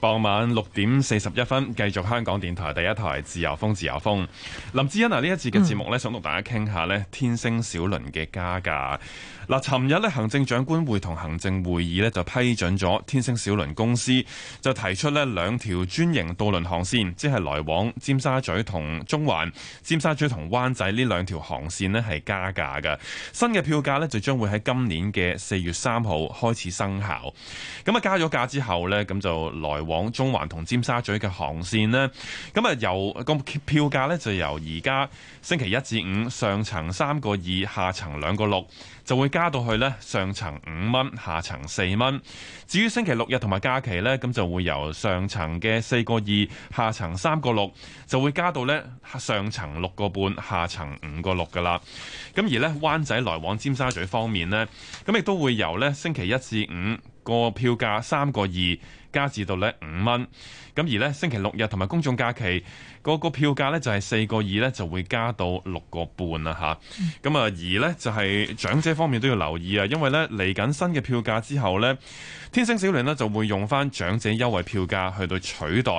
傍晚六點四十一分，繼續香港電台第一台自由風自由風。林志欣啊，呢一次嘅節目呢、嗯，想同大家傾下呢天星小輪嘅加價。嗱，尋日咧行政長官會同行政會議咧就批准咗天星小輪公司就提出呢兩條專營渡輪航線，即係來往尖沙咀同中環、尖沙咀同灣仔呢兩條航線呢係加價嘅。新嘅票價呢就將會喺今年嘅四月三號開始生效。咁啊加咗價之後呢咁就來往中環同尖沙咀嘅航線咧，咁啊由個票價呢就由而家星期一至五上層三個二，下層兩個六。就會加到去呢上層五蚊，下層四蚊。至於星期六日同埋假期呢，咁就會由上層嘅四個二，下層三個六，就會加到呢上層六個半，下層五個六㗎喇。咁而呢灣仔來往尖沙咀方面呢，咁亦都會由呢星期一至五個票價三個二。加至到咧五蚊，咁而咧星期六日同埋公眾假期，個個票價咧就係四個二咧就會加到六個半啦吓，咁、嗯、啊而咧就係長者方面都要留意啊，因為咧嚟緊新嘅票價之後咧，天星小輪咧就會用翻長者優惠票價去到取代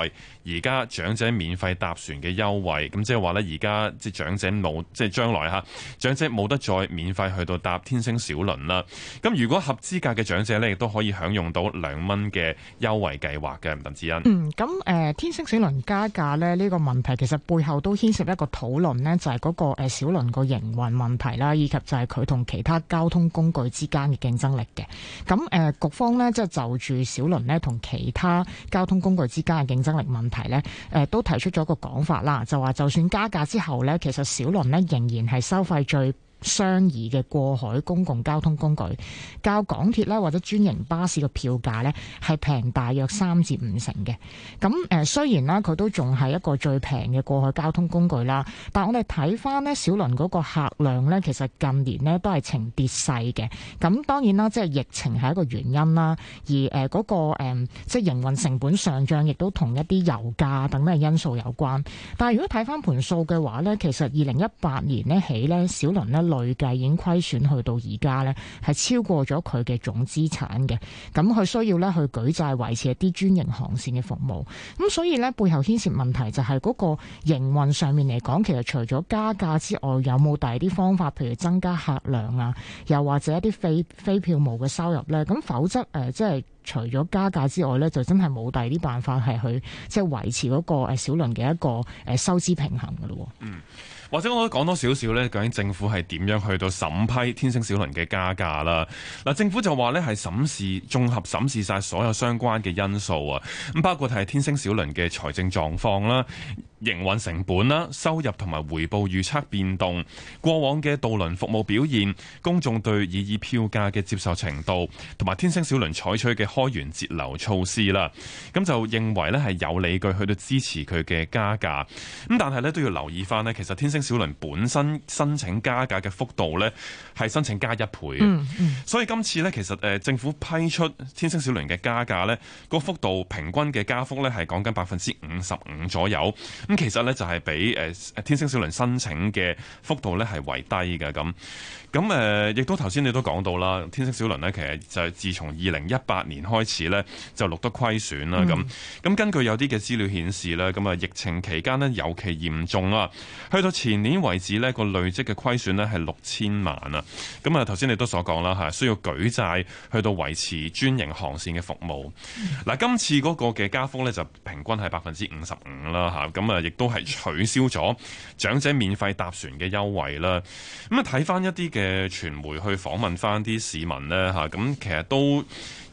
而家長者免費搭船嘅優惠。咁即係話咧而家即係長者冇即係將來吓長者冇得再免費去到搭天星小輪啦。咁如果合資格嘅長者咧亦都可以享用到兩蚊嘅優惠。為計劃嘅林子恩，嗯，咁誒、呃，天星小輪加價咧呢個問題，其實背後都牽涉一個討論咧，就係、是嗰個誒、呃、小輪個營運問題啦，以及就係佢同其他交通工具之間嘅競爭力嘅。咁誒、呃，局方咧即係就住小輪咧同其他交通工具之間嘅競爭力問題咧，誒、呃、都提出咗一個講法啦，就話就算加價之後咧，其實小輪咧仍然係收費最。相宜嘅過海公共交通工具，較港鐵咧或者專營巴士嘅票價咧係平大約三至五成嘅。咁誒、呃、雖然咧佢都仲係一個最平嘅過海交通工具啦，但係我哋睇翻咧小輪嗰個客量呢，其實近年咧都係呈跌勢嘅。咁當然啦，即係疫情係一個原因啦，而誒嗰、呃嗰個、呃、即係營運成本上漲，亦都同一啲油價等等因素有關。但係如果睇翻盤數嘅話呢，其實二零一八年呢起呢，小輪呢。累計已經虧損去到而家呢，係超過咗佢嘅總資產嘅。咁佢需要咧去舉債維持一啲專營航線嘅服務。咁所以呢背後牽涉問題就係嗰個營運上面嚟講，其實除咗加價之外，有冇第二啲方法，譬如增加客量啊，又或者一啲非非票務嘅收入呢，咁否則誒、呃，即係除咗加價之外呢，就真係冇第二啲辦法係去即係維持嗰個誒小輪嘅一個誒收支平衡噶咯。嗯。或者我都講多少少呢？究竟政府係點樣去到審批天星小輪嘅加價啦？嗱，政府就話呢係審視綜合審視晒所有相關嘅因素啊，咁包括係天星小輪嘅財政狀況啦。營運成本啦、收入同埋回報預測變動、過往嘅渡輪服務表現、公眾對以議票價嘅接受程度，同埋天星小輪採取嘅開源節流措施啦，咁就認為咧係有理據去到支持佢嘅加價。咁但係咧都要留意翻咧，其實天星小輪本身申請加價嘅幅度咧係申請加一倍。嗯嗯。所以今次呢其實誒政府批出天星小輪嘅加價咧，個幅度平均嘅加幅咧係講緊百分之五十五左右。咁其實呢，就係比誒天星小輪申請嘅幅度呢係為低嘅咁，咁亦、呃、都頭先你都講到啦，天星小輪呢，其實就係自從二零一八年開始呢，就錄得虧損啦咁。咁、嗯、根據有啲嘅資料顯示啦咁啊，疫情期間呢，尤其嚴重啦，去到前年為止呢，個累積嘅虧損呢係六千萬啊。咁啊頭先你都所講啦嚇，需要舉債去到維持專營航線嘅服務。嗱、嗯，今次嗰個嘅加幅呢，就平均係百分之五十五啦嚇，咁啊～亦都係取消咗長者免費搭船嘅優惠啦。咁啊，睇翻一啲嘅傳媒去訪問翻啲市民呢，吓，咁其實都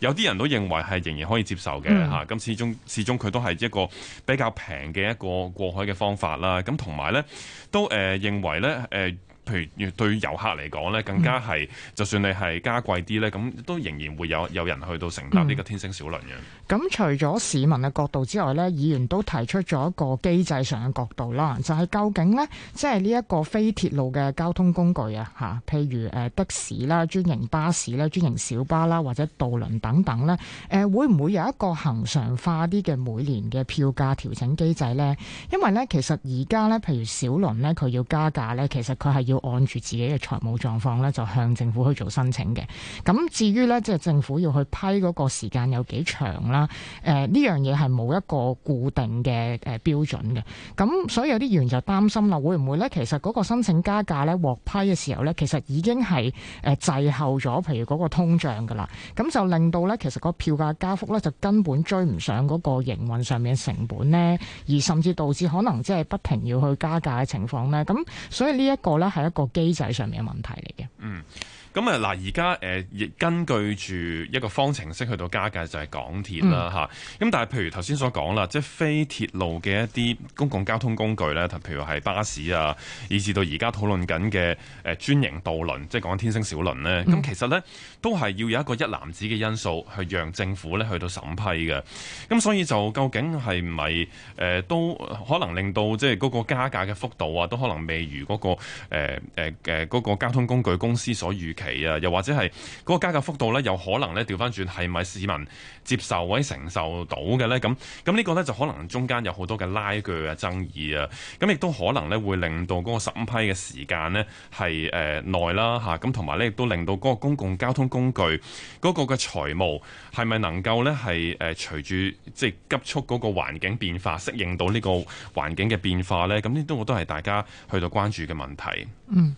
有啲人都認為係仍然可以接受嘅吓。咁、嗯、始終始終佢都係一個比較平嘅一個過海嘅方法啦。咁同埋呢，都誒、呃、認為呢誒。呃譬如對遊客嚟講咧，更加係、嗯、就算你係加貴啲咧，咁都仍然會有有人去到承擔呢個天星小輪嘅。咁、嗯、除咗市民嘅角度之外咧，議員都提出咗一個機制上嘅角度啦，就係、是、究竟咧，即係呢一個非鐵路嘅交通工具啊，嚇，譬如誒的士啦、專營巴士啦、專營小巴啦，或者渡輪等等咧，誒會唔會有一個恒常化啲嘅每年嘅票價調整機制咧？因為咧，其實而家咧，譬如小輪咧，佢要加價咧，其實佢係要。.要按住自己嘅財務狀況咧，就向政府去做申請嘅。咁至於咧，即係政府要去批嗰個時間有幾長啦？誒呢樣嘢係冇一個固定嘅誒標準嘅。咁所以有啲議員，員就擔心啦，會唔會咧？其實嗰個申請加價咧，獲批嘅時候咧，其實已經係誒滯後咗，譬如嗰個通脹噶啦。咁就令到咧，其實個票價加幅咧，就根本追唔上嗰個營運上面嘅成本咧，而甚至導致可能即係不停要去加價嘅情況咧。咁所以這呢一個咧係。一個機制上面嘅問題嚟嘅。嗯，咁啊嗱，而家誒，亦根據住一個方程式去到加價就係港鐵啦，吓、嗯。咁但係譬如頭先所講啦，即係非鐵路嘅一啲公共交通工具咧，譬如係巴士啊，以至到而家討論緊嘅誒，專營渡輪，即係講天星小輪咧。咁、嗯、其實咧。都係要有一個一攬子嘅因素去讓政府咧，去到審批嘅，咁所以就究竟係唔係誒都可能令到即係嗰個加價嘅幅度啊，都可能未如嗰、嗰個誒誒誒嗰個交通工具公司所預期啊，又或者係嗰個加價幅度咧，有可能咧調翻轉，係咪市民接受或者承受到嘅咧？咁咁呢個咧就可能中間有好多嘅拉鋸啊、爭議啊，咁亦都可能咧會令到嗰個審批嘅時間咧係誒耐啦吓，咁同埋咧亦都令到嗰個公共交通。工具嗰個嘅財務係咪能夠呢？係誒隨住即係急速嗰個環境變化適應到呢個環境嘅變化呢？咁呢都我都係大家去到關注嘅問題。嗯。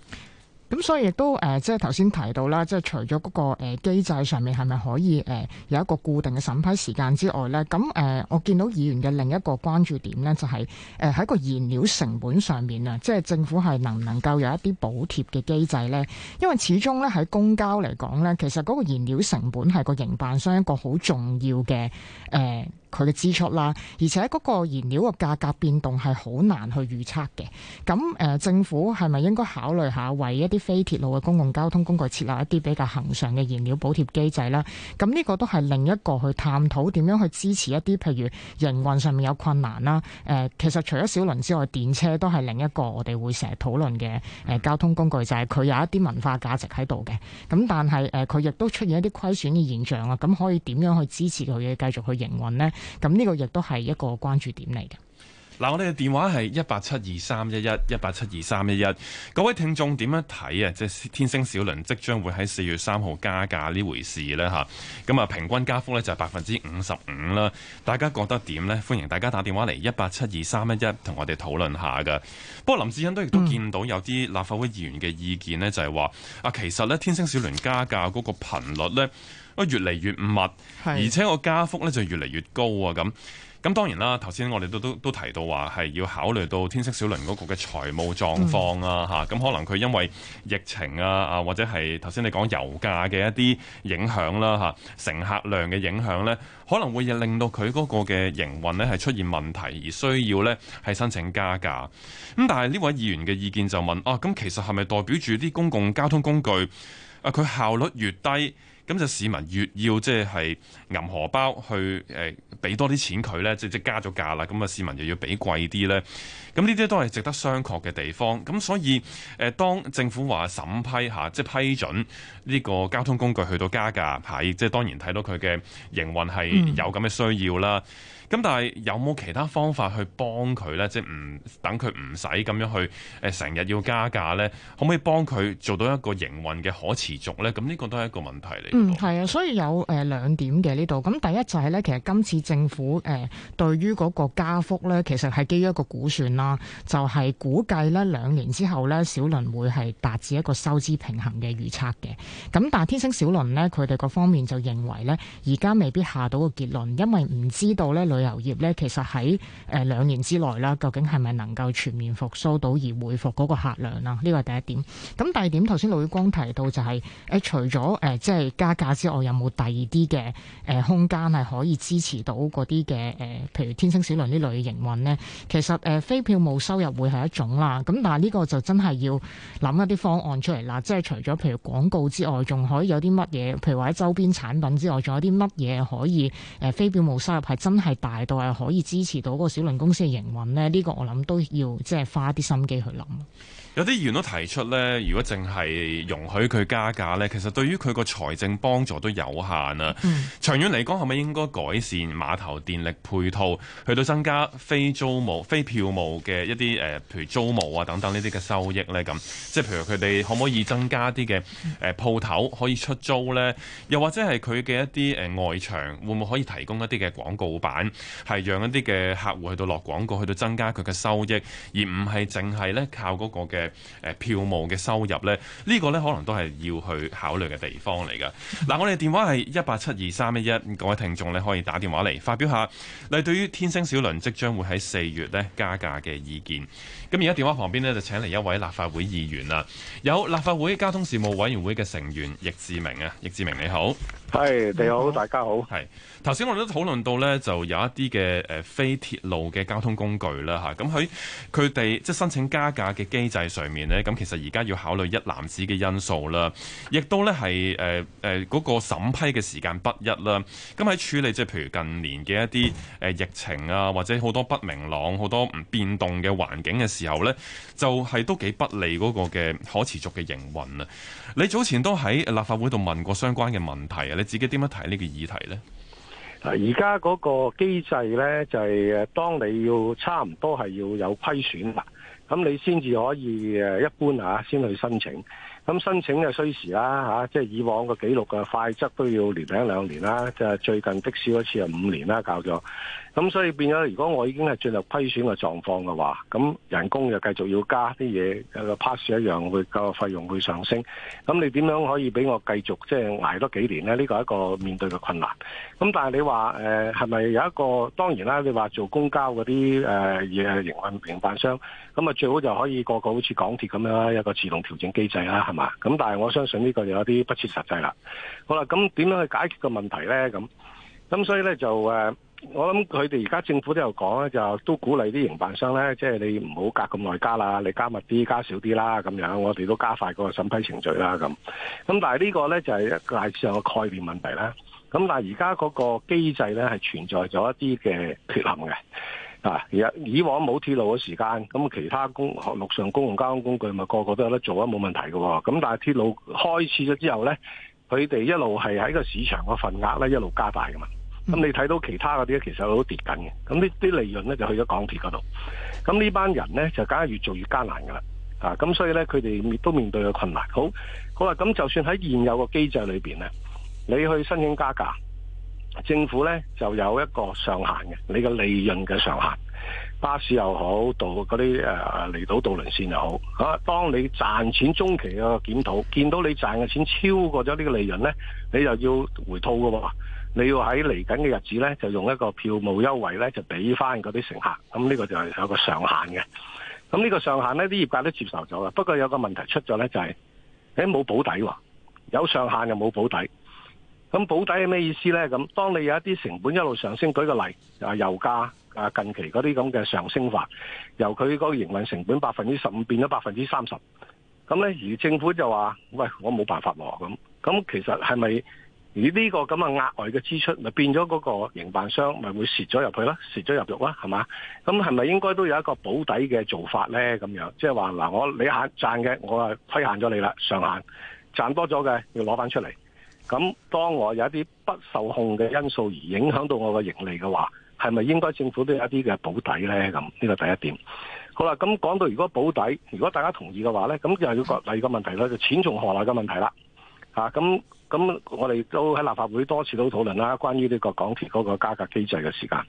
咁所以亦都誒、呃，即係頭先提到啦，即係除咗嗰、嗰個、呃、機制上面係咪可以誒、呃、有一個固定嘅審批時間之外咧，咁誒、呃，我見到議員嘅另一個關注點咧，就係誒喺個燃料成本上面啊，即係政府係能唔能夠有一啲補貼嘅機制咧？因為始終咧喺公交嚟講咧，其實嗰個燃料成本係個營辦商一個好重要嘅誒。呃佢嘅支出啦，而且嗰個燃料嘅價格變動係好難去預測嘅。咁誒、呃、政府係咪應該考慮下為一啲非鐵路嘅公共交通工具設立一啲比較恆常嘅燃料補貼機制咧？咁呢個都係另一個去探討點樣去支持一啲譬如營運上面有困難啦。誒、呃、其實除咗小輪之外，電車都係另一個我哋會成日討論嘅誒交通工具，就係、是、佢有一啲文化價值喺度嘅。咁但係誒佢亦都出現一啲虧損嘅現象啊。咁可以點樣去支持佢嘅繼續去營運咧？咁呢個亦都係一個關注點嚟嘅。嗱，我哋嘅電話係一八七二三一一一八七二三一一。各位聽眾點樣睇啊？即係天星小輪即將會喺四月三號加價呢回事呢？吓，咁啊，平均加幅呢就係百分之五十五啦。大家覺得點呢？歡迎大家打電話嚟一八七二三一一，同我哋討論下噶。不過林志欣都亦都見到有啲立法會議員嘅意見呢，就係話啊，其實呢，天星小輪加價嗰個頻率呢。」越嚟越密，而且個加幅咧就越嚟越高啊！咁咁當然啦，頭先我哋都都都提到話係要考慮到天星小輪嗰個嘅財務狀況啊！嚇、嗯、咁、啊、可能佢因為疫情啊啊，或者係頭先你講油價嘅一啲影響啦、啊、嚇、啊、乘客量嘅影響呢，可能會令到佢嗰個嘅營運呢係出現問題，而需要呢係申請加價。咁但係呢位議員嘅意見就問啊，咁其實係咪代表住啲公共交通工具啊？佢效率越低？咁就市民越要即係揞荷包去誒俾多啲錢佢咧，即、就、即、是、加咗價啦。咁啊市民又要俾貴啲咧。咁呢啲都係值得商榷嘅地方。咁所以誒當政府話審批下即係、就是、批准呢個交通工具去到加價，係即係當然睇到佢嘅營運係有咁嘅需要啦。咁但係有冇其他方法去幫佢咧？即係唔等佢唔使咁樣去誒成日要加價咧，可唔可以幫佢做到一個營運嘅可持續咧？咁呢個都係一個問題嚟。嗯，係啊，所以有誒兩點嘅呢度。咁第一就係咧，其實今次政府誒對於嗰個加幅咧，其實係基於一個估算啦，就係估計咧兩年之後咧，小輪會係達至一個收支平衡嘅預測嘅。咁但係天星小輪咧，佢哋嗰方面就認為咧，而家未必下到個結論，因為唔知道咧旅遊業咧，其實喺誒兩年之內啦，究竟係咪能夠全面復蘇到而回復嗰個客量啦？呢個係第一點。咁第二點頭先陸宇光提到就係誒除咗誒即係。加價之外，有冇第二啲嘅誒空間係可以支持到嗰啲嘅誒，譬如天星小輪呢類嘅營運呢，其實誒、呃、非票務收入會係一種啦，咁但係呢個就真係要諗一啲方案出嚟啦。即係除咗譬如廣告之外，仲可以有啲乜嘢？譬如或者周邊產品之外，仲有啲乜嘢可以誒、呃、非票務收入係真係大到係可以支持到個小輪公司嘅營運呢？呢、呢個我諗都要即係花啲心機去諗。有啲議員都提出咧，如果淨係容許佢加價咧，其實對於佢個財政幫助都有限啊。嗯、長遠嚟講，係咪應該改善碼頭電力配套，去到增加非租務、非票務嘅一啲、呃、譬如租務啊等等呢啲嘅收益咧？咁即係譬如佢哋可唔可以增加啲嘅誒鋪頭可以出租咧？又或者係佢嘅一啲誒外牆會唔會可以提供一啲嘅廣告板，係讓一啲嘅客戶去到落廣告，去到增加佢嘅收益，而唔係淨係咧靠嗰個嘅，票務嘅收入呢呢、呢個呢可能都係要去考慮嘅地方嚟噶。嗱， 我哋電話係一八七二三一一，各位聽眾呢，可以打電話嚟發表下。嗱，對於天星小輪即將會喺四月呢加價嘅意見。咁而家電話旁邊咧，就請嚟一位立法會議員啦，有立法會交通事務委員會嘅成員易志明啊，易志明你好。係，你好，大家好。係，頭先我哋都討論到咧，就有一啲嘅誒非鐵路嘅交通工具啦吓，咁喺佢哋即係申請加價嘅機制上面咧，咁其實而家要考慮一籃子嘅因素啦，亦都咧係誒誒嗰個審批嘅時間不一啦。咁喺處理即係譬如近年嘅一啲誒疫情啊，或者好多不明朗、好多唔變動嘅環境嘅。時候咧，就係、是、都幾不利嗰個嘅可持續嘅營運啊。你早前都喺立法會度問過相關嘅問題啊，你自己點樣睇呢個議題呢？而家嗰個機制咧，就係、是、當你要差唔多係要有批選啦，咁你先至可以誒一般吓、啊，先去申請。咁申請嘅需時啦、啊、吓，即、啊、係、就是、以往個記錄嘅快則都要連兩年零兩年啦，即、就、係、是、最近的士一次係五年啦、啊，教咗。咁所以變咗，如果我已經係進入虧損嘅狀況嘅話，咁人工又繼續要加啲嘢，個 pass 一樣會個費用會上升。咁你點樣可以俾我繼續即係捱多幾年呢？呢個係一個面對嘅困難。咁但係你話誒係咪有一個當然啦？你話做公交嗰啲誒嘢營運營辦商，咁啊最好就可以個個好似港鐵咁樣啦，有一個自動調整機制啦，係嘛？咁但係我相信呢個有一啲不切實際啦。好啦，咁點樣去解決個問題呢？咁咁所以呢，就、呃我諗佢哋而家政府都有講咧，就都鼓勵啲營辦商咧，即係你唔好隔咁耐加啦，你加密啲，加少啲啦，咁樣我哋都加快嗰個審批程序啦，咁咁但係呢個咧就係一個大致上嘅概念問題啦。咁但係而家嗰個機制咧係存在咗一啲嘅缺陷嘅啊！而以往冇鐵路嘅時間，咁其他公陸上公共交通工具咪個個都有得做啊，冇問題㗎喎。咁但係鐵路開始咗之後咧，佢哋一路係喺個市場個份額咧一路加大噶嘛。咁你睇到其他嗰啲，其實都跌緊嘅。咁呢啲利潤咧就去咗港鐵嗰度。咁呢班人咧就梗係越做越艱難噶啦。啊，咁所以咧佢哋亦都面對嘅困難。好，好喇咁就算喺現有嘅機制裏面咧，你去申請加價，政府咧就有一個上限嘅，你嘅利潤嘅上限。巴士又好，到嗰啲誒離島渡輪線又好，啊，當你賺錢中期嘅檢討，見到你賺嘅錢超過咗呢個利潤咧，你又要回吐噶嘛。你要喺嚟緊嘅日子咧，就用一個票務優惠咧，就俾翻嗰啲乘客。咁呢個就係有個上限嘅。咁呢個上限咧，啲業界都接受咗啦。不過有個問題出咗咧，就係誒冇保底喎、啊，有上限又冇保底。咁保底係咩意思咧？咁當你有一啲成本一路上升，舉個例啊，就係、油價啊，近期嗰啲咁嘅上升法，由佢嗰個營運成本百分之十五變咗百分之三十。咁咧，而政府就話：喂，我冇辦法喎。咁咁其實係咪？而呢個咁嘅額外嘅支出，咪變咗嗰個營辦商咪會蝕咗入去啦，蝕咗入肉啦，係嘛？咁係咪應該都有一個保底嘅做法咧？咁樣即係話嗱，我你慳賺嘅，我係虧限咗你啦，上限賺多咗嘅要攞翻出嚟。咁當我有一啲不受控嘅因素而影響到我嘅盈利嘅話，係咪應該政府都有一啲嘅保底咧？咁呢個第一點。好啦，咁講到如果保底，如果大家同意嘅話咧，咁就第二個問題咧，就錢從何嚟嘅問題啦。啊，咁咁，我哋都喺立法會多次都討論啦，關於呢個港鐵嗰個加價機制嘅時間，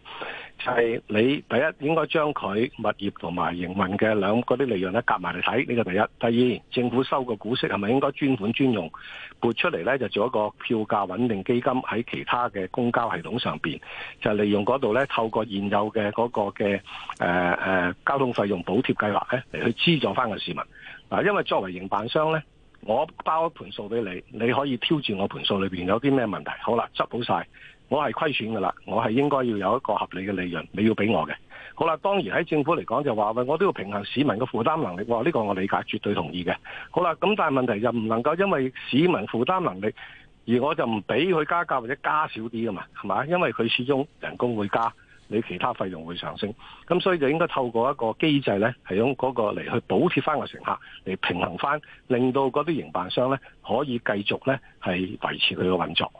就係你第一應該將佢物業同埋營運嘅兩嗰啲利潤咧夾埋嚟睇，呢個第一。第二，政府收個股息係咪應該專款專用撥出嚟咧？就做一個票價穩定基金喺其他嘅公交系統上面，就係、利用嗰度咧透過現有嘅嗰個嘅誒誒交通費用補貼計劃咧嚟去資助翻個市民，啊。因為作為營辦商咧。我包一盤數俾你，你可以挑戰我盤數裏邊有啲咩問題。好啦，執好晒，我係虧損噶啦，我係應該要有一個合理嘅利潤你要俾我嘅。好啦，當然喺政府嚟講就話喂，我都要平衡市民嘅負擔能力。話呢個我理解，絕對同意嘅。好啦，咁但係問題就唔能夠因為市民負擔能力而我就唔俾佢加價或者加少啲噶嘛，係咪？因為佢始終人工會加。你其他費用會上升，咁所以就應該透過一個機制呢，係用嗰個嚟去補貼翻個乘客，嚟平衡翻，令到嗰啲營辦商呢可以繼續呢係維持佢嘅運作。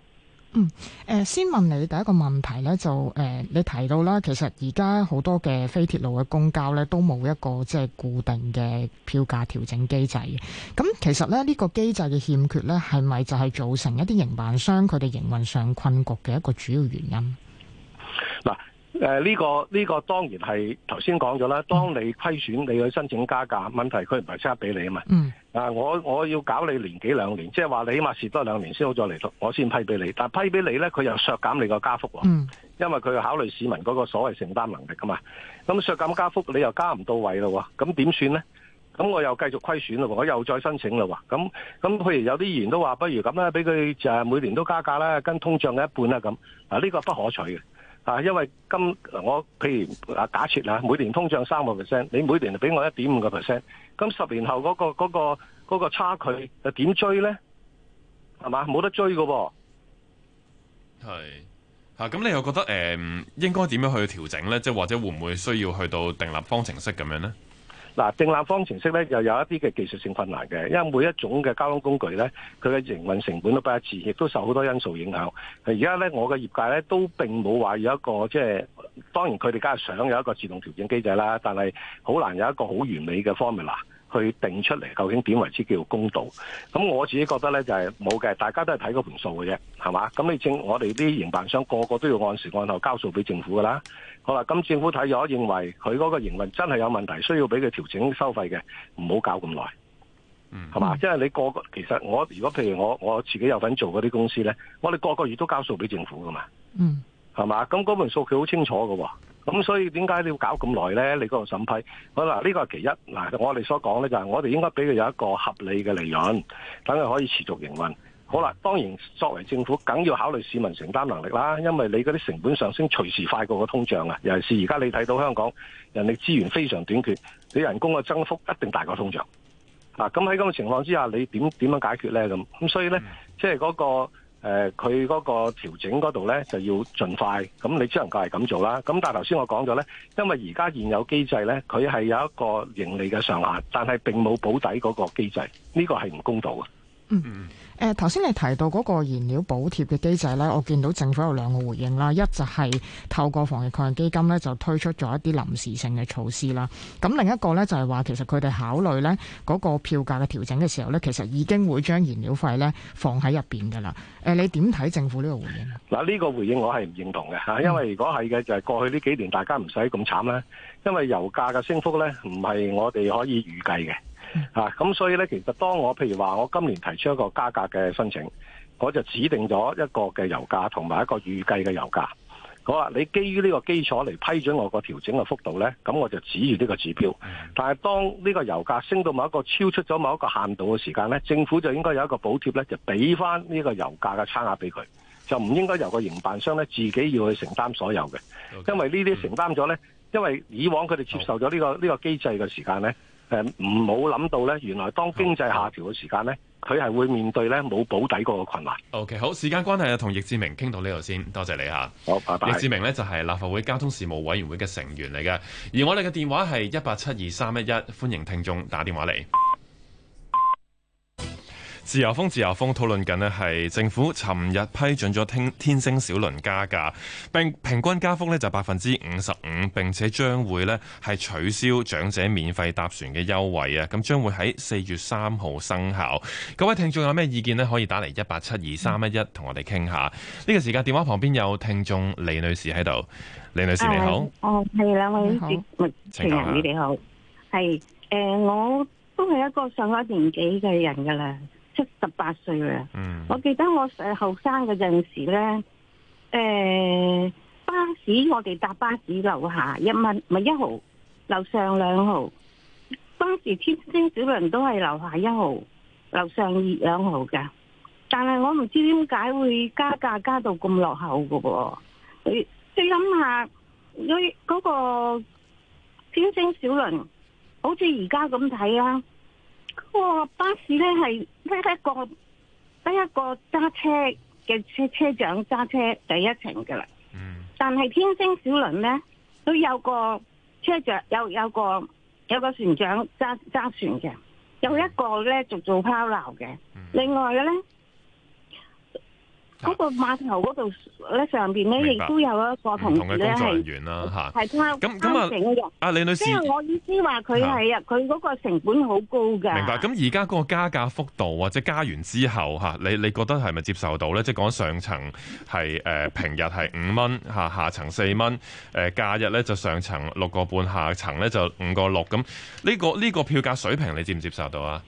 嗯，誒、呃，先問你第一個問題呢，就誒、呃、你提到啦，其實而家好多嘅非鐵路嘅公交呢都冇一個即係、就是、固定嘅票價調整機制嘅。咁其實咧呢、呢個機制嘅欠缺呢，係咪就係造成一啲營辦商佢哋營運上困局嘅一個主要原因？嗱。誒、呃，呢、這個呢、這個當然係頭先講咗啦。當你虧損，你去申請加價，問題佢唔係即刻俾你啊嘛。啊、嗯呃，我我要搞你年幾兩年，即係話你起碼蝕多兩年先好再嚟，我先批俾你。但批俾你呢，佢又削減你個加幅。因為佢要考慮市民嗰個所謂承擔能力啊嘛。咁削減加幅，你又加唔到位喎。咁點算呢？咁我又繼續虧損啦。我又再申請啦。咁咁，譬如有啲議員都話，不如咁啦，俾佢就係每年都加價啦，跟通脹嘅一半啦咁。啊，呢、這個不可取嘅。啊，因為今我譬如啊，假設啊，每年通脹三個 percent，你每年就俾我一點五個 percent，咁十年後嗰個嗰個嗰個差距又點追咧？係嘛？冇得追噶喎、哦。係。咁、啊、你又覺得誒、呃、應該點樣去調整咧？即係或者會唔會需要去到訂立方程式咁樣咧？嗱，定立方程式咧又有一啲嘅技術性困難嘅，因為每一種嘅交通工具咧，佢嘅營運成本都不一致，亦都受好多因素影響。而家咧，我嘅業界咧都並冇話有，有一個即係，當然佢哋梗係想有一個自動調整機制啦，但係好難有一個好完美嘅 formula。去定出嚟，究竟點為之叫公道？咁我自己覺得呢，就係冇嘅，大家都係睇嗰盤數嘅啫，係嘛？咁你正我哋啲營辦商個個都要按時按候交數俾政府噶啦。好啦，咁政府睇咗認為佢嗰個營運真係有問題，需要俾佢調整收費嘅，唔好搞咁耐。嗯，係嘛？即係你個個其實我如果譬如我我自己有份做嗰啲公司呢，我哋個個月都交數俾政府噶嘛。嗯。係嘛？咁嗰份數據好清楚㗎喎。咁所以點解你要搞咁耐咧？你嗰個審批好啦，呢個係其一。嗱，我哋所講咧就係，我哋應該俾佢有一個合理嘅利潤，等佢可以持續營運。好啦，當然作為政府，梗要考慮市民承擔能力啦。因為你嗰啲成本上升，隨時快過個通脹啊！尤其是而家你睇到香港人力資源非常短缺，你人工嘅增幅一定大過通脹。啊，咁喺咁嘅情況之下，你點點樣解決咧？咁咁所以咧、嗯，即係嗰、嗰個。誒、呃，佢嗰個調整嗰度咧，就要盡快。咁你只能夠係咁做啦。咁但係頭先我講咗咧，因為而家現有機制咧，佢係有一個盈利嘅上限，但係並冇保底嗰個機制，呢、這個係唔公道嘅。嗯嗯。誒頭先你提到嗰個燃料補貼嘅機制呢我見到政府有兩個回應啦，一就係透過防疫抗疫基金呢就推出咗一啲臨時性嘅措施啦。咁另一個呢，就係話，其實佢哋考慮呢嗰個票價嘅調整嘅時候呢其實已經會將燃料費呢放喺入邊㗎喇。誒，你點睇政府呢個回應？嗱，呢、呢個回應我係唔認同嘅嚇，因為如果係嘅，就係、係、過去呢幾年大家唔使咁慘啦，因為油價嘅升幅呢，唔係我哋可以預計嘅。吓咁， 啊、所以咧，其實當我譬如話我今年提出一個加價嘅申請，我就指定咗一個嘅油價同埋一個預計嘅油價。我話你基於呢個基礎嚟批准我個調整嘅幅度咧，咁我就指住呢個指標。但係當呢個油價升到某一個超出咗某一個限度嘅時間咧，政府就應該有一個補貼咧，就俾翻呢個油價嘅差額俾佢，就唔應該由個營辦商咧自己要去承擔所有嘅，因為呢啲承擔咗咧，因為以往佢哋接受咗呢、這個呢、這個機制嘅時間咧。誒，唔，冇諗到咧，原來當經濟下調嘅時間咧，佢係會面對咧冇保底嗰個困難。OK，好，時間關係啊，同易志明傾到呢度先，多謝你吓。好，拜拜。易志明呢，就係立法會交通事務委員會嘅成員嚟嘅，而我哋嘅電話係一八七二三一一，歡迎聽眾打電話嚟。自由風，自由風，討論緊呢係政府尋日批准咗天天星小輪加價，並平均加幅呢就百分之五十五，並且將會呢係取消長者免費搭船嘅優惠啊！咁將會喺四月三號生效。各位聽眾有咩意見呢？可以打嚟一八七二三一一同我哋傾下。呢、這個時間電話旁邊有聽眾李女士喺度，李女士你好，哦，係兩位好，情、呃、人你哋好，係誒、呃，我都係一個上咗年紀嘅人㗎啦。七十八歲啦，我記得我誒後生嗰陣時呢、欸，巴士我哋搭巴士樓下一蚊，咪一毫，樓上兩毫。當時天星小輪都係樓下一毫，樓上二兩毫嘅，但係我唔知點解會加價加到咁落後嘅喎。你你諗下，嗰、嗰個天星小輪，好似而家咁睇啊！個巴士咧係得一個得一個揸車嘅車車長揸車第一程嘅啦，但係天星小輪咧都有個車長有有個有個船長揸揸船嘅，有一個咧逐做拋錨嘅，另外嘅咧。嗰、那個碼頭嗰度咧上邊咧亦都有一個同嘅工作人員啦，咁啊，李、啊、女士，就是、我意思話佢係啊，佢嗰個成本好高㗎。明白。咁而家嗰個加價幅度或者加完之後吓，你你覺得係咪接受到咧？即係講上層係誒、呃、平日係五蚊吓，下層四蚊。誒、呃、假日咧就上層六個半，下層咧就五、個六。咁呢個呢個票價水平你接唔接受到啊？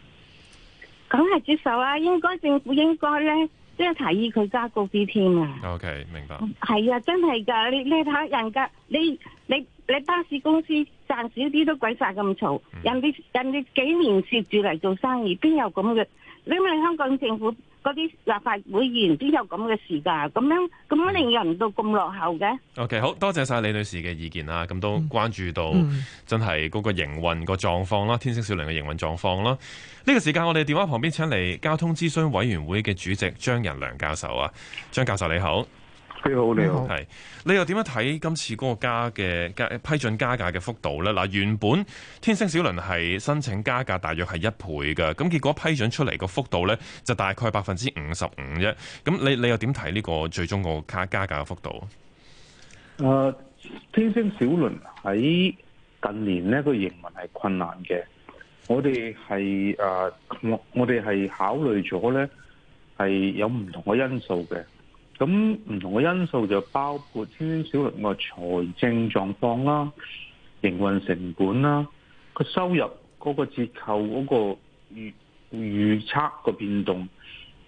梗係接受啊！應該政府應該咧。即係提議佢加高啲添啊！OK，明白。係啊，真係㗎！你你睇下人家，你看人家你你，你，你巴士公司賺少啲都鬼曬咁嘈，人哋人哋幾年蝕住嚟做生意，邊有咁嘅？你咪香港政府。嗰啲立法會議員都有咁嘅事㗎？咁樣咁令人到咁落後嘅？OK，好多謝晒李女士嘅意見啊。咁都關注到真係嗰個營運個狀況啦、嗯，天星小輪嘅營運狀況啦。呢、呢個時間我哋電話旁邊請嚟交通諮詢委員會嘅主席張仁良教授啊，張教授你好。你好，你好。係，你又點樣睇今次嗰個加嘅加批准加價嘅幅度咧？嗱，原本天星小輪係申請加價大約係一倍嘅，咁結果批准出嚟個幅度咧就大概百分之五十五啫。咁你你又點睇呢個最終個加加價嘅幅度？誒、呃，天星小輪喺近年咧，佢營運係困難嘅。我哋係誒，我我哋係考慮咗咧，係有唔同嘅因素嘅。咁唔同嘅因素就包括天星小輪嘅財政狀況啦、營運成本啦、個收入嗰個折扣嗰個預預測個變動，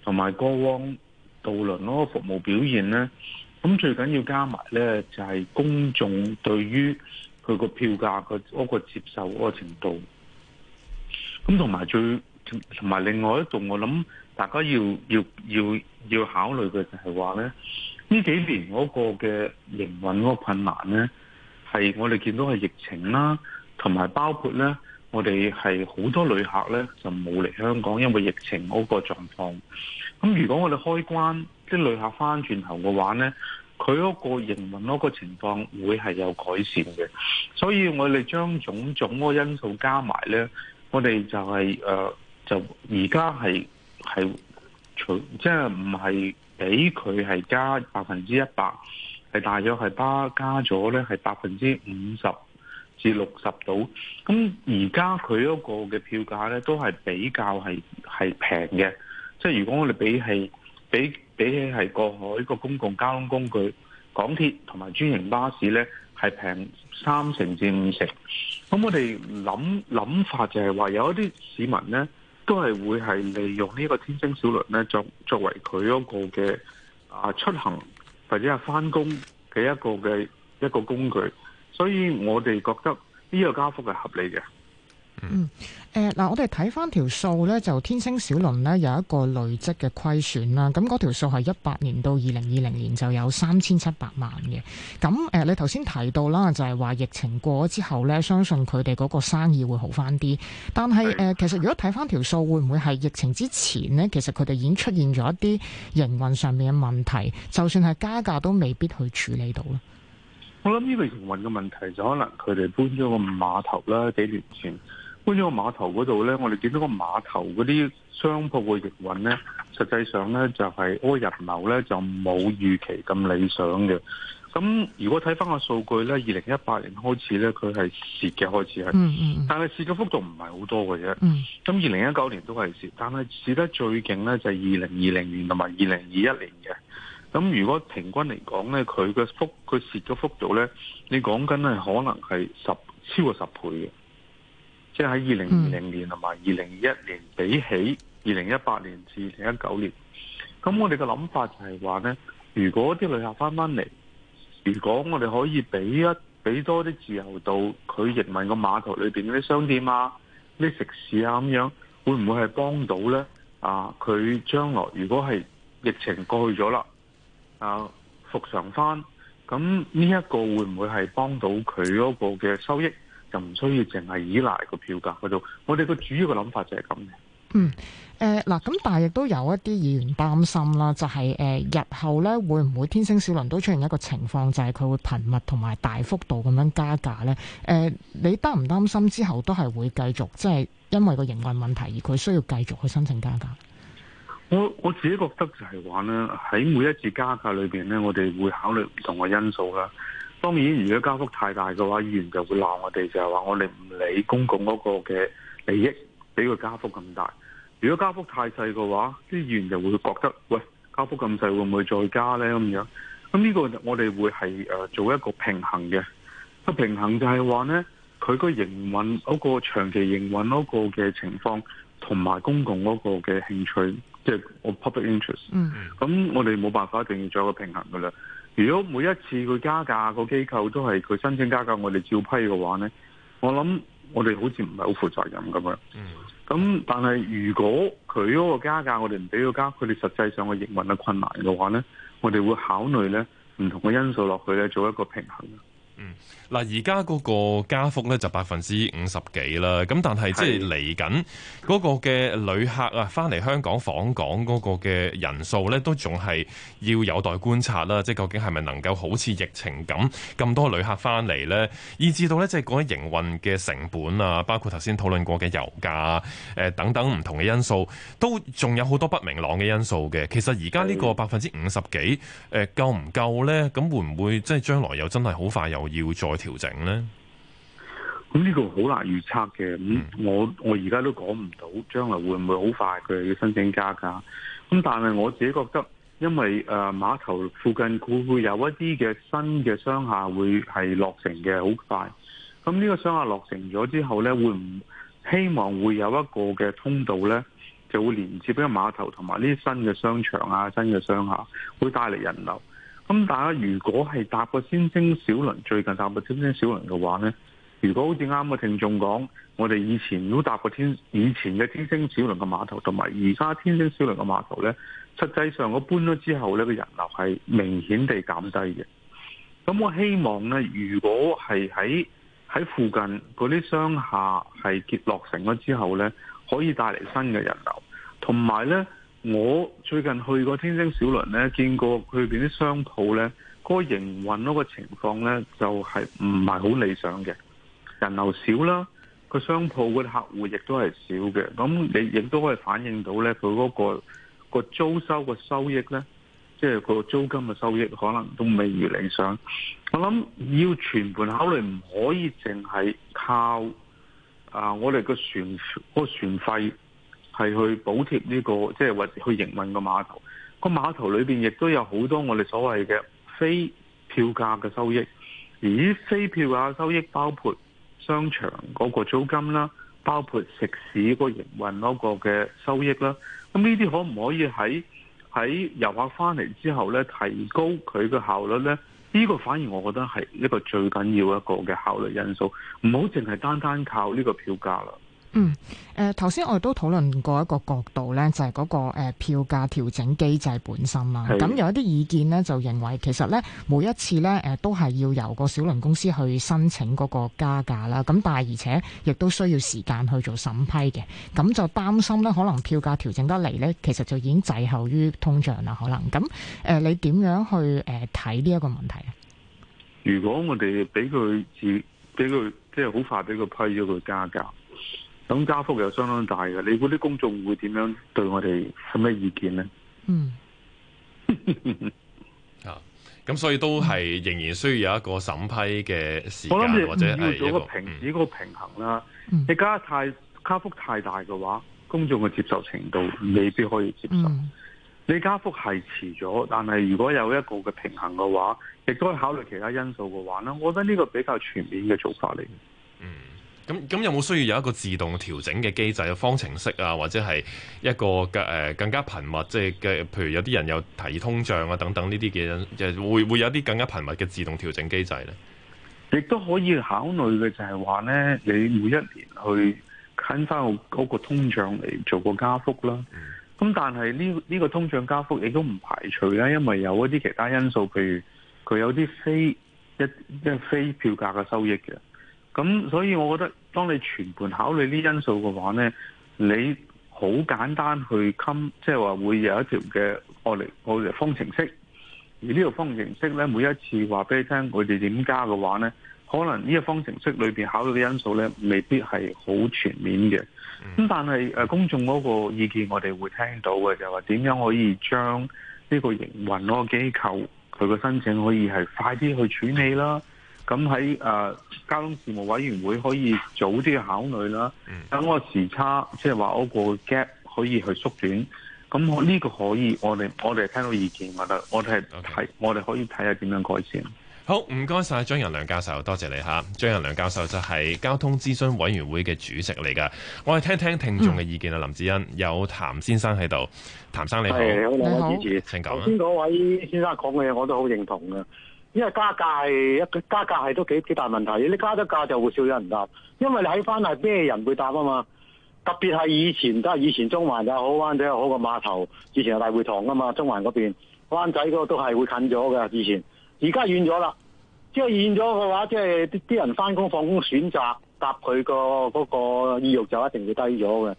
同埋過往渡輪嗰個服務表現咧。咁最緊要加埋咧就係、是、公眾對於佢個票價個嗰個接受嗰個程度。咁同埋最同埋另外一度，我諗。大家要要要要考慮嘅就係話咧，呢幾年嗰個嘅營運嗰個困難咧，係我哋見到嘅疫情啦，同埋包括咧，我哋係好多旅客咧就冇嚟香港，因為疫情嗰個狀況。咁如果我哋開關即係旅客翻轉頭嘅話咧，佢嗰個營運嗰個情況會係有改善嘅。所以我哋將種種嗰個因素加埋咧，我哋就係、是、誒、呃，就而家係。係除即係唔係俾佢係加百分之一百，係大約係加加咗咧係百分之五十至六十度。咁而家佢嗰個嘅票價咧都係比較係係平嘅，即係如果我哋比係比比起係過海個公共交通工具，港鐵同埋專營巴士咧係平三成至五成。咁我哋諗諗法就係話有一啲市民咧。都係會係利用呢個天星小輪咧作作為佢嗰個嘅啊出行或者係翻工嘅一個嘅一個工具，所以我哋覺得呢個加幅係合理嘅。Mm. 嗯，誒，嗱，我哋睇翻條數咧，就天星小輪咧有一個累積嘅虧損啦。咁嗰條數係一八年到二零二零年就有三千七百萬嘅。咁，誒、呃，你頭先提到啦，就係、是、話疫情過咗之後咧，相信佢哋嗰個生意會好翻啲。但係，誒、呃，其實如果睇翻條數，會唔會係疫情之前咧，其實佢哋已經出現咗一啲營運上面嘅問題？就算係加價，都未必去處理到咯。我諗呢個營運嘅問題，就可能佢哋搬咗個碼頭啦，幾年前。關咗個碼頭嗰度咧，我哋見到個碼頭嗰啲商鋪嘅營運咧，實際上咧就係嗰個人流咧就冇預期咁理想嘅。咁如果睇翻個數據咧，二零一八年開始咧，佢係蝕嘅開始係，但係蝕嘅幅度唔係好多嘅啫。咁二零一九年都係蝕，但係蝕得最勁咧就係二零二零年同埋二零二一年嘅。咁如果平均嚟講咧，佢嘅幅佢蝕嘅幅度咧，你講緊係可能係十超過十倍嘅。即喺二零二零年同埋二零二一年比起二零一八年至二零一九年，咁我哋嘅諗法就係話呢：如果啲旅客翻返嚟，如果我哋可以畀一俾多啲自由度，佢移民個碼頭裏邊嗰啲商店啊、啲食肆啊咁樣，會唔會係幫到呢？啊，佢將來如果係疫情過去咗啦，啊，復常翻，咁呢一個會唔會係幫到佢嗰個嘅收益？就唔需要淨係依賴個票價嗰度，我哋個主要嘅諗法就係咁嘅。嗯，誒、呃，嗱，咁但係亦都有一啲議員擔心啦，就係、是、誒、呃、日後咧會唔會天星小輪都出現一個情況，就係、是、佢會頻密同埋大幅度咁樣加價咧？誒、呃，你擔唔擔心之後都係會繼續，即、就、係、是、因為個營運問題而佢需要繼續去申請加價？我我自己覺得就係話咧，喺每一次加價裏邊咧，我哋會考慮唔同嘅因素啦。當然，如果加幅太大嘅話，議員就會鬧我哋，就係話我哋唔理公共嗰個嘅利益，俾佢加幅咁大。如果加幅太細嘅話，啲議員就會覺得，「喂，加幅咁細，會唔會再加呢？」咁樣咁呢個我哋會係誒做一個平衡嘅。個平衡就係話呢，佢個營運嗰個長期營運嗰個嘅情況，同埋公共嗰個嘅興趣，即係我 public interest。嗯，咁我哋冇辦法一定要做一個平衡嘅啦。如果每一次佢加價，個機構都係佢申請加價，我哋照批嘅話呢，我諗我哋好似唔係好負責任咁樣。嗯。咁但係如果佢嗰個加價我哋唔俾佢加，佢哋實際上嘅營運啊困難嘅話呢，我哋會考慮呢唔同嘅因素落去呢，做一個平衡。嗯，嗱，而家嗰個加幅咧就百分之五十幾啦，咁但係即係嚟緊嗰個嘅旅客啊，翻嚟香港訪港嗰個嘅人數咧，都仲係要有待觀察啦。即係究竟係咪能夠好似疫情咁咁多旅客翻嚟咧，以至到咧即係講營運嘅成本啊，包括頭先討論過嘅油價誒、啊呃、等等唔同嘅因素，都仲有好多不明朗嘅因素嘅。其實而家、呃、呢個百分之五十幾誒夠唔夠咧？咁會唔會即係將來又真係好快又？我要再調整呢？咁、這、呢個好難預測嘅。咁、嗯、我我而家都講唔到，將來會唔會好快佢要申請加價？咁但係我自己覺得，因為誒、呃、碼頭附近會會有一啲嘅新嘅商廈會係落成嘅好快。咁呢個商廈落成咗之後呢，會唔希望會有一個嘅通道呢就會連接俾碼頭同埋呢啲新嘅商場啊，新嘅商廈，會帶嚟人流。咁大家如果係搭過天星小輪，最近搭過天星小輪嘅話呢，如果好似啱嘅聽眾講，我哋以前都搭過天，以前嘅天星小輪嘅碼頭同埋而家天星小輪嘅碼頭呢，實際上我搬咗之後呢，個人流係明顯地減低嘅。咁我希望呢，如果係喺喺附近嗰啲商廈係結落成咗之後呢，可以帶嚟新嘅人流，同埋呢。我最近去過天星小輪呢見過佢邊啲商鋪呢嗰、個營運嗰個情況呢，就係唔係好理想嘅，人流少啦，個商鋪嗰啲客戶亦都係少嘅，咁你亦都可以反映到呢，佢嗰、個個租收個收益呢，即、就、係、是、個租金嘅收益，可能都未如理想。我諗要全盤考慮，唔可以淨係靠啊、呃，我哋、個船個船費。係去補貼呢個，即係或去營運個碼頭。個碼頭裏邊亦都有好多我哋所謂嘅非票價嘅收益。而非票價收益包括商場嗰個租金啦，包括食肆個營運嗰個嘅收益啦。咁呢啲可唔可以喺喺遊客翻嚟之後呢，提高佢嘅效率呢？呢、呢個反而我覺得係一個最緊要的一個嘅效率因素。唔好淨係單單靠呢個票價啦。嗯，誒，頭先我哋都討論過一個角度咧，就係嗰個誒票價調整機制本身啦。咁有一啲意見咧，就認為其實咧，每一次咧，誒都係要由個小輪公司去申請嗰個加價啦。咁但係而且亦都需要時間去做審批嘅。咁就擔心咧，可能票價調整得嚟咧，其實就已經滯後於通脹啦。可能咁，誒你點樣去誒睇呢一個問題啊？如果我哋俾佢自俾佢，即係好快俾佢批咗個加價。咁加幅又相當大嘅，你估啲公眾會點樣對我哋有咩意見呢？嗯， 啊，咁所以都係仍然需要有一個審批嘅時間，做一或者要咗個、嗯、平時嗰個平衡啦。你加太加幅太大嘅話，公眾嘅接受程度未必可以接受。嗯、你加幅係遲咗，但係如果有一個嘅平衡嘅話，亦都可以考慮其他因素嘅話呢，我覺得呢個比較全面嘅做法嚟嘅。嗯。咁咁有冇需要有一個自動調整嘅機制方程式啊，或者係一個嘅、呃、更加頻密，即係嘅，譬如有啲人有提議通脹啊等等呢啲嘅，就會會有啲更加頻密嘅自動調整機制咧。亦都可以考慮嘅就係話咧，你每一年去跟翻嗰個通脹嚟做個加幅啦。咁但係呢呢個通脹加幅，亦都唔排除啦，因為有一啲其他因素，譬如佢有啲非一、即係、非票價嘅收益嘅。咁所以，我覺得當你全盤考慮呢因素嘅話呢，你好簡單去襟，即係話會有一條嘅我哋我方程式。而呢條方程式呢，每一次話俾你聽，佢哋點加嘅話呢，可能呢個方程式裏邊考慮嘅因素呢，未必係好全面嘅。咁、mm. 但係誒，公眾嗰個意見我哋會聽到嘅，就係話點樣可以將呢個營運嗰個機構佢嘅申請可以係快啲去處理啦。咁喺誒交通事務委員會可以早啲考慮啦，等、嗯、個時差，即係話嗰個 gap 可以去縮短。咁我呢個可以，我哋我哋聽到意見，我哋我哋睇，我哋可以睇下點樣改善。好，唔該晒張仁良教授，多謝，謝你吓。張仁良教授就係交通諮詢委員會嘅主席嚟㗎。我哋聽，聽聽聽眾嘅意見啊、嗯，林志欣有譚先生喺度，譚先生你好，你好，主持，頭先嗰位先生講嘅嘢我都好認同啊。因為加價係一加價係都幾幾大問題，你加咗價就會少有人搭，因為你睇翻係咩人會搭啊嘛。特別係以前，都係以前中環又好，灣仔又好個碼頭，以前係大會堂啊嘛，中環嗰邊，灣仔嗰都係會近咗嘅。以前而家遠咗啦，即係遠咗嘅話，即係啲啲人翻工放工選擇搭佢個嗰個意慾就一定會低咗嘅。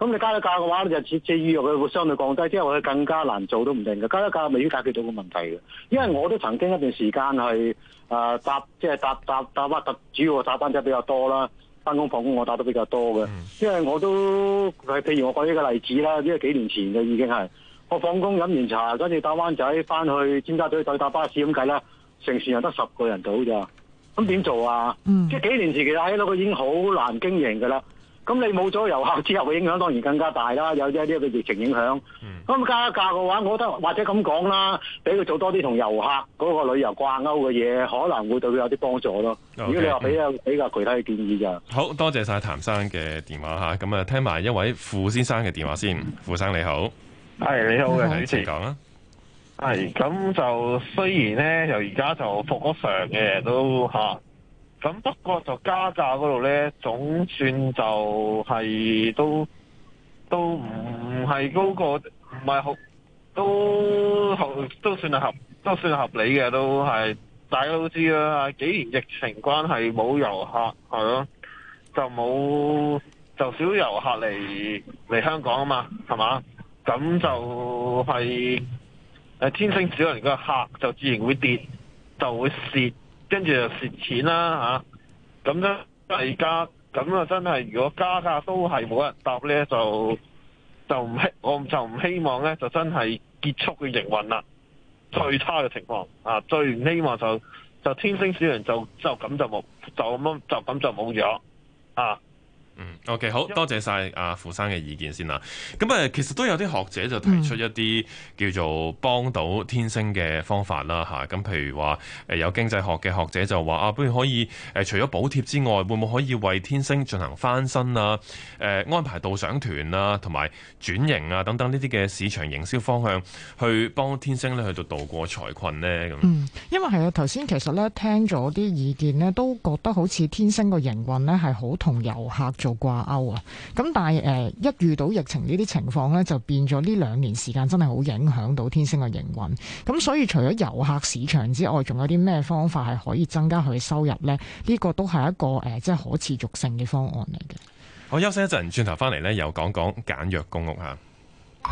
咁你加咗價嘅話你就至於佢會相對降低，之後佢更加難做都唔定嘅。加咗價咪經解決到個問題嘅。因為我都曾經一段時間係啊、呃、搭即係、就是、搭搭搭乜搭主要搭班仔比較多啦，翻工放工我搭得比較多嘅，mm. 因為我都譬如我舉呢個例子啦，呢個幾年前嘅已經係我放工飲完茶，跟住搭灣仔翻去尖沙咀再搭巴士咁計啦，成船又得十個人到咋，咁點做啊？Mm. 即係幾年前其實喺度，佢已經好難經營㗎啦。咁你冇咗遊客之後嘅影響，當然更加大啦。有啲有啲嘅疫情影響，咁、嗯、加價嘅話，我覺得或者咁講啦，俾佢做多啲同遊客嗰個旅遊掛鈎嘅嘢，可能會對佢有啲幫助咯。Okay, 如果你話俾個比較比較具體嘅建議㗎。好多謝晒譚生嘅電話下，咁啊聽埋一位傅先生嘅電話先。傅生你好，係你好嘅女士，講啦。係，咁就雖然咧，由而家就復咗常嘅都、啊咁不過就加價嗰度呢，總算就係都都唔係高過，唔係好都都算係合，都算合理嘅，都係大家都知啦。既然疫情關係冇遊客係咯、啊，就冇就少遊客嚟嚟香港啊嘛，係嘛？咁就係、是、天星小輪個客人就自然會跌，就會蝕。跟住就蝕錢啦吓，咁咧，大家咁啊，真係如果加價都係冇人答咧，就就唔希我就唔希望咧就真係結束嘅營運啦，最差嘅情況啊，最唔希望就就天星小輪，就就咁就冇就咁就咁就冇咗啊！嗯，OK，好多謝晒阿付生嘅意見先啦。咁誒，其實都有啲學者就提出一啲叫做幫到天星嘅方法啦，吓、嗯、咁，譬如話誒有經濟學嘅學者就話啊，不如可以誒除咗補貼之外，會唔會可以為天星進行翻新啊？誒，安排導賞團啊，同埋轉型啊，等等呢啲嘅市場營銷方向，去幫天星咧去到度過財困咧咁。嗯，因為係啊，頭先其實咧聽咗啲意見咧，都覺得好似天星個營運咧係好同遊客做。掛鈎啊，咁但係誒，一遇到疫情呢啲情況呢，就變咗呢兩年時間真係好影響到天星嘅營運。咁所以除咗遊客市場之外，仲有啲咩方法係可以增加佢嘅收入呢？呢個都係一個誒，即係可持續性嘅方案嚟嘅。好，休息一陣，轉頭翻嚟呢，又講講簡約公屋吓。